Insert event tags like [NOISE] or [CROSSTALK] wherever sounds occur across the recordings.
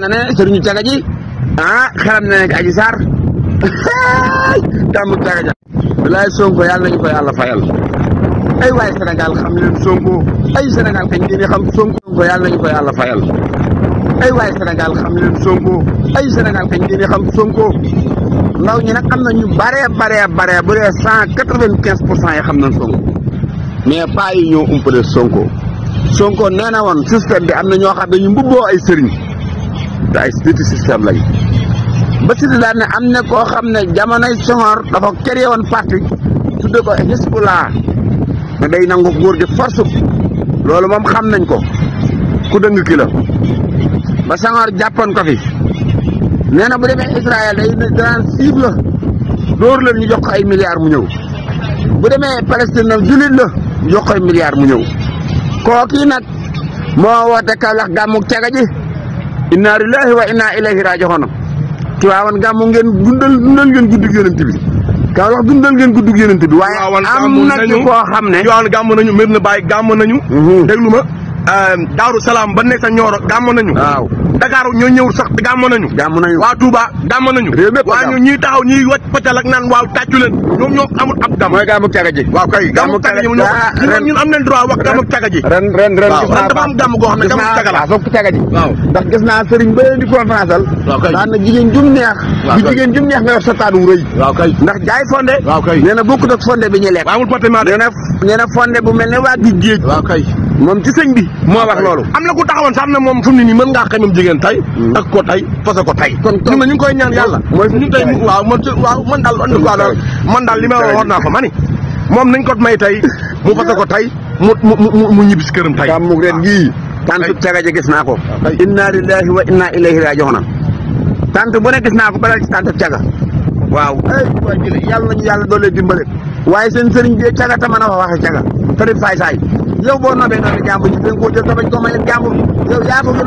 na ne sëriñu caga ji ah xelam na nekk aji saar tàmbu caga ja walaay sonko yàlla nañu ko yàlla fayal ay waay sénégal xam leen sonko ay sénégal kañ ngeen xam sonko yàlla nañu ko yàlla fayal ay waay sénégal xam leen sonko ay sénégal kañ ngeen xam sonko ndaw ñi nag am na ñu bare bare bare bu dee cent quatre vingt quinze pour cent yi xam nañ sonko mais pa yi ñoo umpale sonko sonko nee na woon système bi amna na ñoo xam ne ñu mbubboo ay sëriñ te ay spiriti système lañu Bassirou daal ne am na koo xam ne jamonoy Senghor dafa créé woon parti ko Hizbullah ne day nangu góor gi force loolu moom xam nañ ko ku dëng ki ba Senghor jàppoon ko fi nee na bu demee Israël day daan cible la dóor la ñu jox ko ay milliards mu ñëw bu demee Palestine nag jullit la jox ko ay milliards mu ñëw kooki nag moo woote Kaolack gàmmu caga ji inna lillahi wa inna ilayhi raaji'uun Tiwaawan gàmmu ngeen dundal dundal ngeen guddug yonent bi kaa wax dundal geen guddug yonent bi waaye am na ci koo xam ne Tiwaawan gàmm nañu Medina baay gàmm nañu mhm. déglu ma Daaru Salaam ba nekk sa Ñooro gàmm nañu waaw Dakar ñoo ñëwul sax gàmm nañu gàmm nañu waa Touba gàmm nañu waa ñu ñuy taxaw ñuy wacc pacal ak naan waaw tàccu leen ñoom ñoo amul ab gàmm mooy gàmmu caga ji waaw kay ah, am nañ droit wax gàmmu caga ji ne gàmmu caga la soog caga ji waaw ndax gis naa sëriñ ba leen di conférence al daan na jigéen jum neex bu jigéen jum neex nga yor sa taanu rëy waaw kay ndax jaay fonde waaw kay nee na bokk ak fonde bi ñu lekk na nee na fonde bu mel ne waa géej waaw kay moom ci sëñ bi moo wax loolu am na ku taxawoon sax am na moom fu mu ne nii mën ngaa xañam jigéen jigéen tay mm. ak ko tay fas ko tay ñu ngi koy ñaan yàlla ñu tay waaw man waaw man daal en tout cas daal man daal li ma waxoon naa ko ma ni moom nañ ko may tay mu fas ko tay mu mu mu ñibbisi këram tay kam mu ren gii tant tega ji gis naa ko inna lillahi wa inna ilayhi raaji'uun tant bu ne gis naa ko balal ci tant caga waaw eh, yàlla nañu yàlla doole dimbale waaye seen sëriñ bi caga ta mën a wax caga te di saay saay yow boo nobee doomi jàmbur ñu gën koo jël bañ koo mayee jàmbur yow yaa ko gën a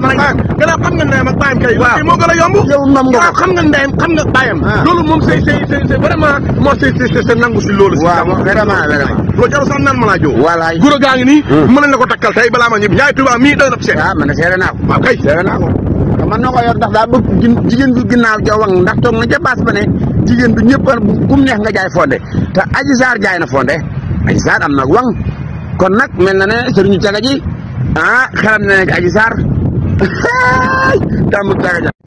gannaaw xam nga ndeyam ak bàyyam kay waaw moo gën a yomb yow nam nga waaw xam nga ndeyam xam nga bàyyam ah. loolu moom c'est c'est c'est vraiment moo c'est c'est c'est nangu si loolu waaw vraiment vraiment loolu ma laa jow voilà guro hmm. ko takkal tey balaa ma ñibbi ñaay tubaab mii doy na man seere naa ko waaw kay seere naa ko man noo ko yor na ca baas ba ne jigéen du ñëpp kum neex nga jaay fonde te Adji Sarr jaay na fonde Adji Sarr am na wang kon nag mel na ne sëriñu caga ji ah xelam na ne aji saar [LAUGHS] tàmbali caga ja